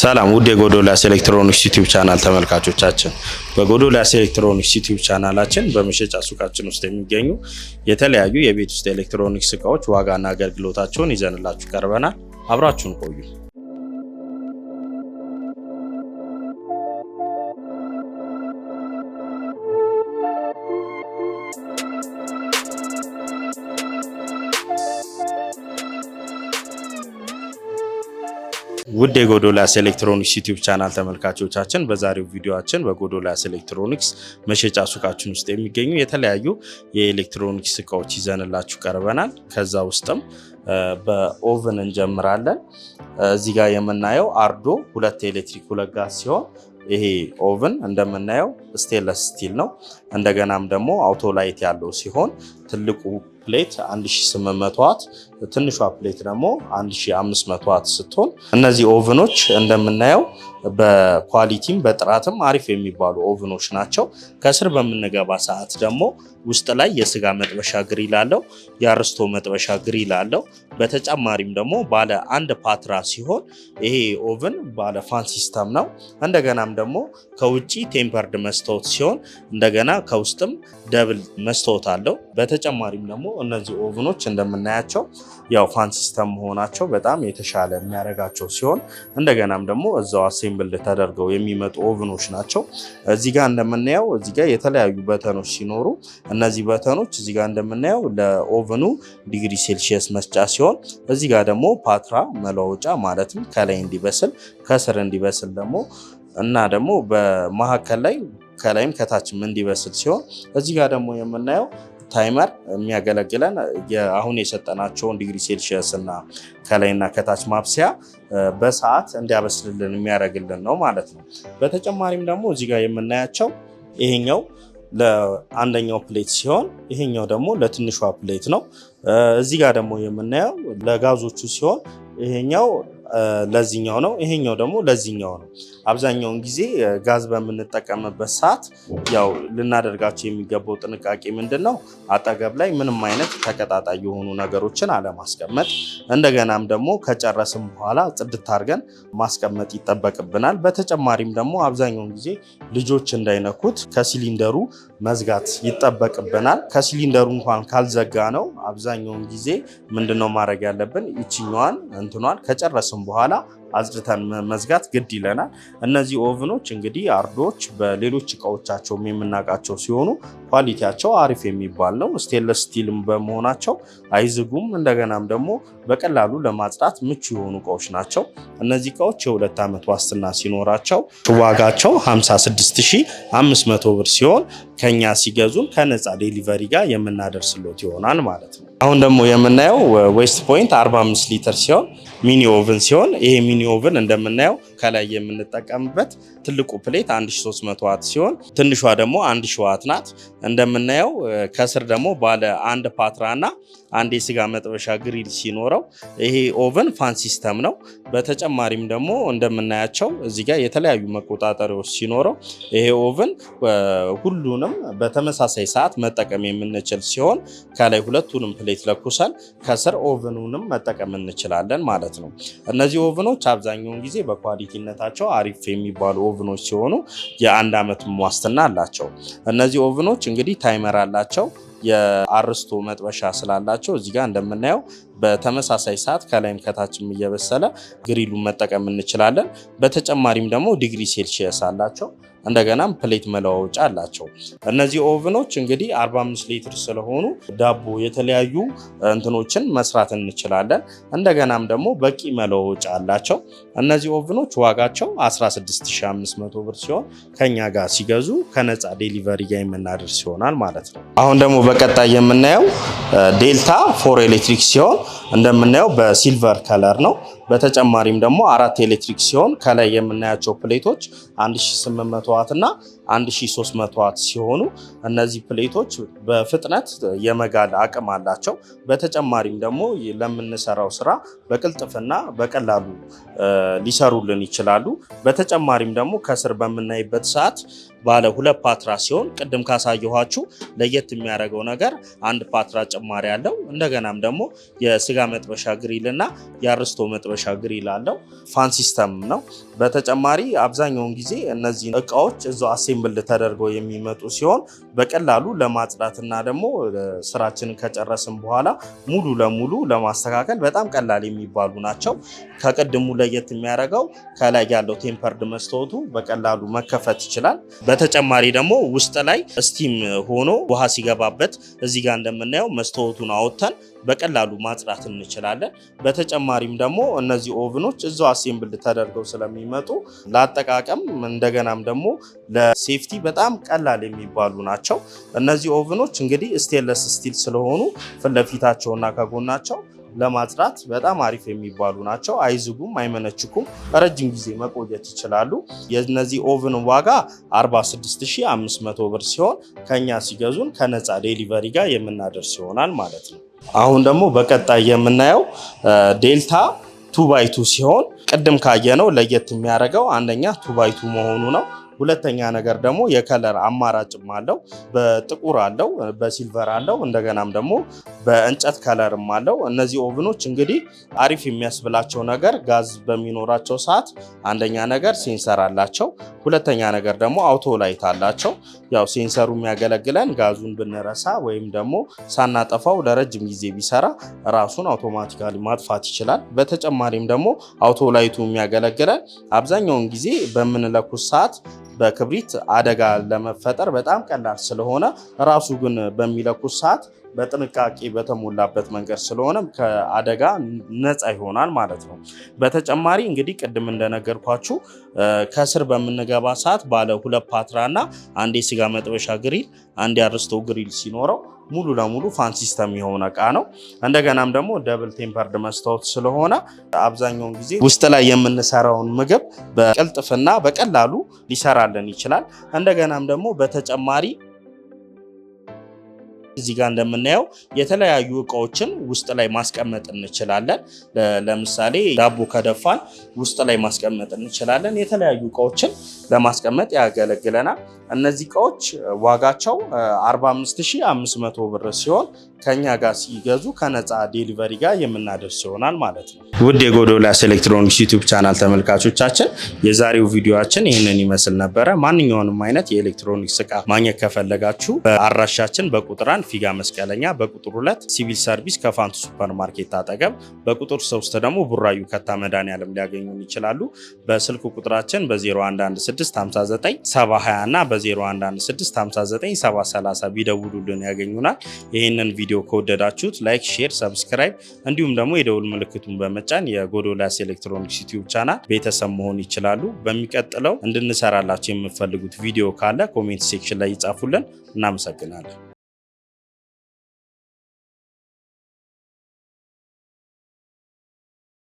ሰላም ውድ የጎዶልያስ ኤሌክትሮኒክስ ዩቲዩብ ቻናል ተመልካቾቻችን፣ በጎዶልያስ ኤሌክትሮኒክስ ዩቲዩብ ቻናላችን በመሸጫ ሱቃችን ውስጥ የሚገኙ የተለያዩ የቤት ውስጥ ኤሌክትሮኒክስ እቃዎች ዋጋና አገልግሎታቸውን ይዘንላችሁ ቀርበናል። አብራችሁን ቆዩ። ውድ የጎዶልያስ ኤሌክትሮኒክስ ዩቲዩብ ቻናል ተመልካቾቻችን በዛሬው ቪዲዮችን በጎዶልያስ ኤሌክትሮኒክስ መሸጫ ሱቃችን ውስጥ የሚገኙ የተለያዩ የኤሌክትሮኒክስ እቃዎች ይዘንላችሁ ቀርበናል። ከዛ ውስጥም በኦቭን እንጀምራለን። እዚህ ጋር የምናየው አርዶ ሁለት ኤሌክትሪክ ሁለት ጋዝ ሲሆን ይሄ ኦቭን እንደምናየው ስቴንለስ ስቲል ነው። እንደገናም ደግሞ አውቶ ላይት ያለው ሲሆን ትልቁ ፕሌት 1800 ዋት፣ ትንሿ ፕሌት ደግሞ 1500 ዋት ስትሆን እነዚህ ኦቭኖች እንደምናየው በኳሊቲም በጥራትም አሪፍ የሚባሉ ኦቭኖች ናቸው። ከስር በምንገባ ሰዓት ደግሞ ውስጥ ላይ የስጋ መጥበሻ ግሪል አለው፣ የአርስቶ መጥበሻ ግሪል አለው። በተጨማሪም ደግሞ ባለ አንድ ፓትራ ሲሆን ይሄ ኦቭን ባለ ፋን ሲስተም ነው። እንደገናም ደግሞ ከውጭ ቴምፐርድ መስታወት ሲሆን እንደገና ከውስጥም ደብል መስታወት አለው። በተጨማሪም ደግሞ እነዚህ ኦቭኖች እንደምናያቸው ያው ፋን ሲስተም መሆናቸው በጣም የተሻለ የሚያደርጋቸው ሲሆን እንደገናም ደግሞ እዛው አሴምብል ተደርገው የሚመጡ ኦቭኖች ናቸው። እዚህ ጋር እንደምናየው እዚህ ጋር የተለያዩ በተኖች ሲኖሩ እነዚህ በተኖች እዚህ ጋር እንደምናየው ለኦቭኑ ዲግሪ ሴልሺየስ መስጫ ሲሆን እዚህ ጋር ደግሞ ፓትራ መለወጫ ማለትም ከላይ እንዲበስል ከስር እንዲበስል ደግሞ እና ደግሞ በመካከል ላይ ከላይም ከታችም እንዲበስል ሲሆን እዚህ ጋር ደግሞ የምናየው ታይመር የሚያገለግለን አሁን የሰጠናቸውን ዲግሪ ሴልሺየስ እና ከላይና ከታች ማብሰያ በሰዓት እንዲያበስልልን የሚያደርግልን ነው ማለት ነው። በተጨማሪም ደግሞ እዚህ ጋር የምናያቸው ይሄኛው ለአንደኛው ፕሌት ሲሆን ይሄኛው ደግሞ ለትንሿ ፕሌት ነው። እዚህ ጋር ደግሞ የምናየው ለጋዞቹ ሲሆን ይሄኛው ለዚኛው ነው፣ ይሄኛው ደግሞ ለዚኛው ነው። አብዛኛውን ጊዜ ጋዝ በምንጠቀምበት ሰዓት ያው ልናደርጋቸው የሚገባው ጥንቃቄ ምንድን ነው? አጠገብ ላይ ምንም አይነት ተቀጣጣይ የሆኑ ነገሮችን አለማስቀመጥ፣ እንደገናም ደግሞ ከጨረስም በኋላ ጽድት አድርገን ማስቀመጥ ይጠበቅብናል። በተጨማሪም ደግሞ አብዛኛውን ጊዜ ልጆች እንዳይነኩት ከሲሊንደሩ መዝጋት ይጠበቅብናል። ከሲሊንደሩ እንኳን ካልዘጋ ነው አብዛኛውን ጊዜ ምንድነው ማድረግ ያለብን ይችኛዋን እንትኗን ከጨረስም በኋላ አጽድተን መዝጋት ግድ ይለናል። እነዚህ ኦቭኖች እንግዲህ አርዶች በሌሎች እቃዎቻቸውም የምናውቃቸው ሲሆኑ ኳሊቲያቸው አሪፍ የሚባል ነው። ስቴንለስ ስቲልም በመሆናቸው አይዝጉም። እንደገናም ደግሞ በቀላሉ ለማጽዳት ምቹ የሆኑ እቃዎች ናቸው። እነዚህ እቃዎች የሁለት ዓመት ዋስትና ሲኖራቸው ዋጋቸው 56500 ብር ሲሆን ከኛ ሲገዙን ከነፃ ዴሊቨሪ ጋር የምናደርስሎት ይሆናል ማለት ነው። አሁን ደግሞ የምናየው ዌስት ፖይንት 45 ሊትር ሲሆን ሚኒ ኦቭን ሲሆን ይሄ ሚኒ ኦቭን እንደምናየው ከላይ የምንጠቀምበት ትልቁ ፕሌት 1300 ዋት ሲሆን ትንሿ ደግሞ 1000 ዋት ናት። እንደምናየው ከስር ደግሞ ባለ አንድ ፓትራ ና። አንድ የስጋ መጥበሻ ግሪል ሲኖረው ይሄ ኦቨን ፋን ሲስተም ነው። በተጨማሪም ደግሞ እንደምናያቸው እዚህ ጋር የተለያዩ መቆጣጠሪያዎች ሲኖረው ይሄ ኦቨን ሁሉንም በተመሳሳይ ሰዓት መጠቀም የምንችል ሲሆን ከላይ ሁለቱንም ፕሌት ለኩሰን ከስር ኦቨኑንም መጠቀም እንችላለን ማለት ነው። እነዚህ ኦቨኖች አብዛኛውን ጊዜ በኳሊቲነታቸው አሪፍ የሚባሉ ኦቨኖች ሲሆኑ የአንድ ዓመት ዋስትና አላቸው። እነዚህ ኦቨኖች እንግዲህ ታይመር አላቸው። የአርስቶ መጥበሻ ስላላቸው እዚህ ጋር እንደምናየው በተመሳሳይ ሰዓት ከላይም ከታችም እየበሰለ ግሪሉን መጠቀም እንችላለን። በተጨማሪም ደግሞ ዲግሪ ሴልሺየስ አላቸው። እንደገናም ፕሌት መለዋወጫ አላቸው። እነዚህ ኦቭኖች እንግዲህ 45 ሊትር ስለሆኑ ዳቦ፣ የተለያዩ እንትኖችን መስራት እንችላለን። እንደገናም ደግሞ በቂ መለዋወጫ አላቸው። እነዚህ ኦቭኖች ዋጋቸው 16500 ብር ሲሆን ከኛ ጋር ሲገዙ ከነፃ ዴሊቨሪ ጋር የምናደርስ ይሆናል ማለት ነው። አሁን ደግሞ በቀጣይ የምናየው ዴልታ ፎር ኤሌክትሪክ ሲሆን እንደምናየው በሲልቨር ከለር ነው። በተጨማሪም ደግሞ አራት ኤሌክትሪክ ሲሆን ከላይ የምናያቸው ፕሌቶች 1800 ዋት እና 1300 ዋት ሲሆኑ እነዚህ ፕሌቶች በፍጥነት የመጋል አቅም አላቸው። በተጨማሪም ደግሞ ለምንሰራው ስራ በቅልጥፍና በቀላሉ ሊሰሩልን ይችላሉ። በተጨማሪም ደግሞ ከስር በምናይበት ሰዓት ባለ ሁለት ፓትራ ሲሆን ቅድም ካሳየኋችሁ ለየት የሚያደርገው ነገር አንድ ፓትራ ጭማሪ አለው። እንደገናም ደግሞ የስጋ መጥበሻ ግሪል እና የአርስቶ መጥበሻ ግሪል አለው። ፋን ሲስተም ነው። በተጨማሪ አብዛኛውን ጊዜ እነዚህ እቃዎች እዛው አሴምብል ተደርገው የሚመጡ ሲሆን በቀላሉ ለማጽዳት እና ደግሞ ስራችንን ከጨረስን በኋላ ሙሉ ለሙሉ ለማስተካከል በጣም ቀላል የሚባሉ ናቸው። ከቅድሙ ለየት የሚያደርገው ከላይ ያለው ቴምፐርድ መስታወቱ በቀላሉ መከፈት ይችላል። በተጨማሪ ደግሞ ውስጥ ላይ ስቲም ሆኖ ውሃ ሲገባበት እዚህ ጋር እንደምናየው መስታወቱን አወጥተን በቀላሉ ማጽዳት እንችላለን። በተጨማሪም ደግሞ እነዚህ ኦቭኖች እዛው አሴምብል ተደርገው ስለሚመጡ ለአጠቃቀም እንደገናም ደግሞ ለሴፍቲ በጣም ቀላል የሚባሉ ናቸው። እነዚህ ኦቭኖች እንግዲህ ስቴንለስ ስቲል ስለሆኑ ፊት ለፊታቸውና ከጎናቸው ለማጽዳት በጣም አሪፍ የሚባሉ ናቸው። አይዝጉም፣ አይመነችኩም፣ ረጅም ጊዜ መቆየት ይችላሉ። የነዚህ ኦቭን ዋጋ 46500 ብር ሲሆን ከኛ ሲገዙን ከነፃ ዴሊቨሪ ጋር የምናደርስ ይሆናል ማለት ነው። አሁን ደግሞ በቀጣይ የምናየው ዴልታ ቱባይቱ ሲሆን ቅድም ካየነው ለየት የሚያደርገው አንደኛ ቱባይቱ መሆኑ ነው። ሁለተኛ ነገር ደግሞ የከለር አማራጭም አለው። በጥቁር አለው፣ በሲልቨር አለው፣ እንደገናም ደግሞ በእንጨት ከለርም አለው። እነዚህ ኦቭኖች እንግዲህ አሪፍ የሚያስብላቸው ነገር ጋዝ በሚኖራቸው ሰዓት አንደኛ ነገር ሴንሰር አላቸው፣ ሁለተኛ ነገር ደግሞ አውቶ ላይት አላቸው። ያው ሴንሰሩ የሚያገለግለን ጋዙን ብንረሳ ወይም ደግሞ ሳናጠፋው ለረጅም ጊዜ ቢሰራ ራሱን አውቶማቲካሊ ማጥፋት ይችላል። በተጨማሪም ደግሞ አውቶ ላይቱ የሚያገለግለን አብዛኛውን ጊዜ በምንለኩስ ሰዓት በክብሪት አደጋ ለመፈጠር በጣም ቀላል ስለሆነ ራሱ ግን በሚለኩት ሰዓት በጥንቃቄ በተሞላበት መንገድ ስለሆነ ከአደጋ ነፃ ይሆናል ማለት ነው። በተጨማሪ እንግዲህ ቅድም እንደነገርኳችሁ ከስር በምንገባ ሰዓት ባለ ሁለት ፓትራ እና አንድ የስጋ መጥበሻ ግሪል፣ አንድ የአርስቶ ግሪል ሲኖረው ሙሉ ለሙሉ ፋን ሲስተም የሆነ እቃ ነው። እንደገናም ደግሞ ደብል ቴምፐርድ መስታወት ስለሆነ አብዛኛውን ጊዜ ውስጥ ላይ የምንሰራውን ምግብ በቅልጥፍና በቀላሉ ሊሰራልን ይችላል። እንደገናም ደግሞ በተጨማሪ እዚህ ጋር እንደምናየው የተለያዩ እቃዎችን ውስጥ ላይ ማስቀመጥ እንችላለን። ለምሳሌ ዳቦ ከደፋን ውስጥ ላይ ማስቀመጥ እንችላለን። የተለያዩ እቃዎችን ለማስቀመጥ ያገለግለናል። እነዚህ እቃዎች ዋጋቸው 45500 ብር ሲሆን ከኛ ጋር ሲገዙ ከነፃ ዴሊቨሪ ጋር የምናደርስ ይሆናል ማለት ነው። ውድ የጎዶልያስ ኤሌክትሮኒክስ ዩቲዩብ ቻናል ተመልካቾቻችን የዛሬው ቪዲዮችን ይህንን ይመስል ነበረ። ማንኛውንም አይነት የኤሌክትሮኒክስ እቃ ማግኘት ከፈለጋችሁ በአድራሻችን በቁጥር አንድ ፊጋ መስቀለኛ፣ በቁጥር ሁለት ሲቪል ሰርቪስ ከፋንቱ ሱፐር ማርኬት አጠገብ፣ በቁጥር ሶስት ደግሞ ቡራዩ ከታ መድኃኒዓለም ሊያገኙን ይችላሉ። በስልክ ቁጥራችን በ0116597020 እና በ0116597030 ቢደውሉልን ያገኙናል። ይህንን ቪዲዮ ከወደዳችሁት ላይክ፣ ሼር፣ ሰብስክራይብ እንዲሁም ደግሞ የደውል ምልክቱን በመጫን የጎዶልያስ ኤሌክትሮኒክስ ዩቲዩብ ቻናል ቤተሰብ መሆን ይችላሉ። በሚቀጥለው እንድንሰራላቸው የምፈልጉት ቪዲዮ ካለ ኮሜንት ሴክሽን ላይ ይጻፉልን። እናመሰግናለን።